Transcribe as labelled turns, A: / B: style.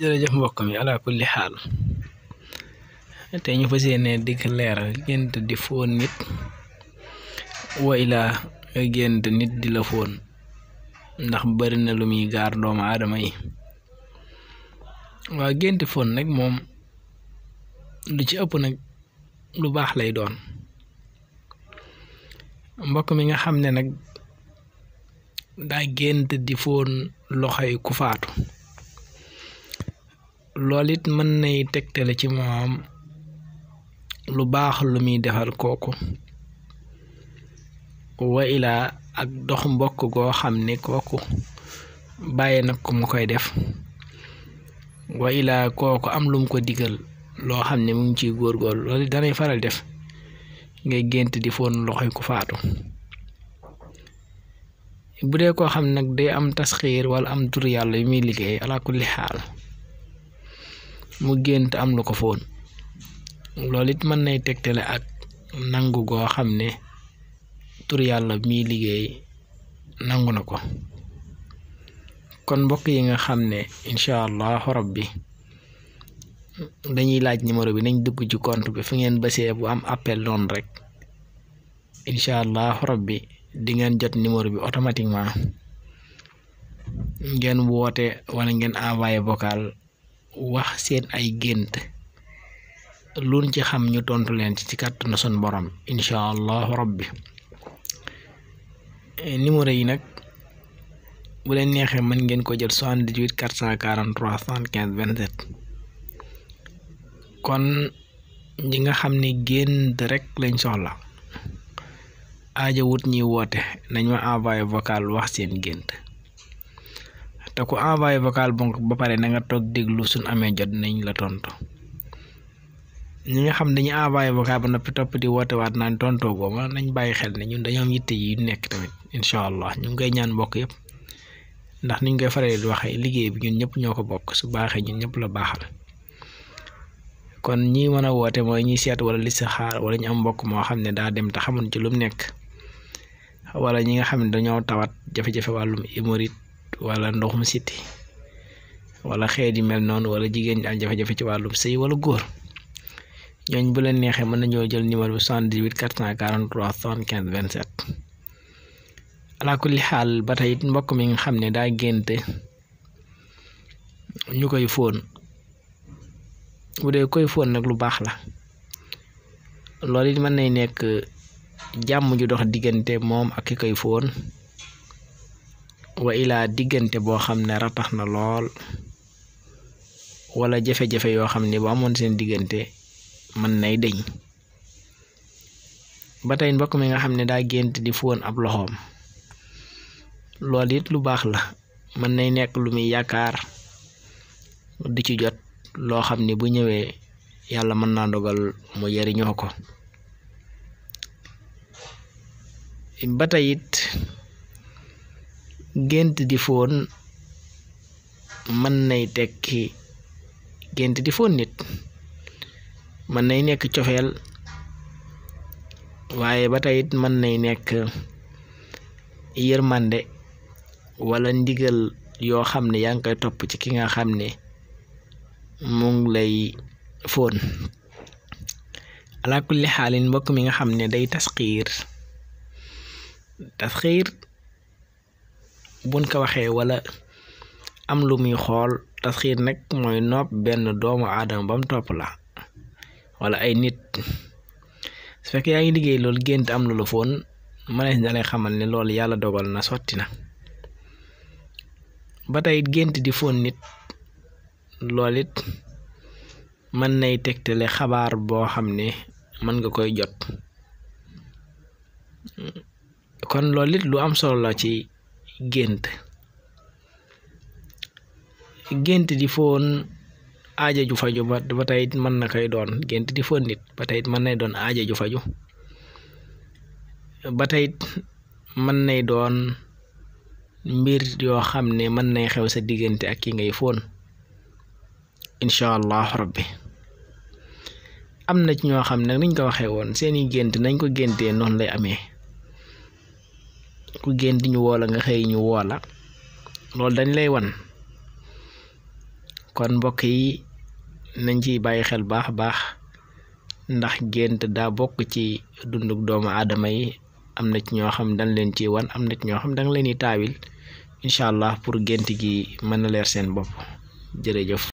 A: jërëjëf mbokk mi ala kulli xaal te ñu fas yéene dikk leeral gént di foon nit waylaa nga gént nit di la foon ndax bari na lu muy gaar doomu aadama yi waa gént foon nag moom lu ci ëpp nag lu baax lay doon mbokk mi nga xam ne nag daa gént di foon loxoy ku faatu lool it mën nay tegtale ci moom lu baax lu muy defal kooku wa ilaa ak dox mbokk goo xam ne kooku bàyyi nag ko mu koy def wa ilaa kooku am lum ko diggal loo xam ne mu ngi ciy góorgóorlu loolu danay faral def ngay gént di foon loxoy ku faatu bu dee koo xam nag day am tasxiir wala am tur yàlla yu muy liggéey ala kulli xaal mu gént am lu ko foon loolu it mën nay tegtele ak nangu goo xam ne tur yàlla miy liggéey nangu na ko kon mbokk yi nga xam ne allah allahu bi dañuy laaj numéro bi nañ dugg ci compte bi fu ngeen basee bu am appel noonu rek incha allahu bi di ngeen jot numéro bi automatiquement ngeen woote wala ngeen envoyé vocal wax seen ay gént luñ ci xam ñu tontu leen ci ci kàttu na sun borom insha allahu rabbi eh, numéro yi nag bu leen neexee mën ngeen ko jël 78 443 75 27 kon ñi nga xam ne gént rek lañ soxla aaja wut ñi woote nañ ma envoyé vocal wax seen gént te ku envoyé vocal bonk ba pare na nga tok déglu sun amé jot nañ la tonto ñi nga xam dañu envoyé vocal ba nopi top di woote wat nañ tonto goma nañ bayyi xel ni ñun dañu am yitte yi nekk tamit inshallah ñu ngi ñaan mbokk yépp ndax ñu koy faré di waxé liggéey bi ñun ñëpp ñoko bok su baaxé ñun ñëpp la baaxal kon ñi mëna a moy ñi sét wala li listixaar wala ñu am mbokk mo xamné da dem ta xamuñ ci lu nekk wala ñi nga xamné ne dañoo tawat jafé jafé walum hémorroïde wala ndoxum siti wala xeet yi mel noonu wala jigéen ñi am jafe ci wàllum sëy wala góor ñooñ bu leen neexee mën nañoo jël numéro bi 78 443 75 27 alaa kulli xaal ba tey mbokk mi nga xam ne daa génte ñu koy fóon bu dee koy fóon nag lu baax la loolu it mën nay nekk jàmm ju dox diggante moom ak ki koy fóon wa ila digënté bo xamné ratax lool wala jafe-jafe yo xamné ne bu amoon seen diggante mën nay deñ batay mi nga xamné da gënt di fóon ab loxom loolu it lu bax la man nay nek lu mi yakar di ci jot lo xamné ne bu ñëwé yalla man na dogal mu yari ñoko ba gént di foon mën nay tekki gént di foon nit mën nay nekk cofeel waaye ba tey mën nay nekk yërmande wala ndigal yoo xam ne yaa ngi koy topp ci ki nga xam ne mu ngi lay foon ala kulli xaalin mbokk mi nga xam ne day tasxiir tasxiir buñ ko waxee wala am lu muy xool tasxiir nag mooy nopp benn doomu aadama bam topp la wala ay nit su fekkee yaa ngi liggéey loolu gént am lu la foon mënees na lay xamal ne loolu yàlla dogal na sotti na ba tey gént di foon nit loolit mën nay tegtale xabaar boo xam ne mën nga koy jot kon loolu lu am solo la ci gént gént di foon aaja ju faju ba ba tey mën na koy doon gént di foon nit ba tey man mën nay doon aaja ju faju ba tey man nay doon mbir yoo xam ne mën nay xew sa diggante ak ki ngay foon incha allah rabbi am na ci ñoo xam ne niñ ko waxee woon seeni gént nañ ko génte noonu lay amee ku génn di ñu woola nga xëy ñu woola loolu dañ lay wan kon mbokk yi nañ ciy bàyyi xel baax baax ndax gént daa bokk ci dunduk doomu aadama yi am na ci ñoo xam dañ leen ci wan am na ci ñoo xam dañ leen di taawil incha allah pour gént gi mën a leer seen bopp jërëjëf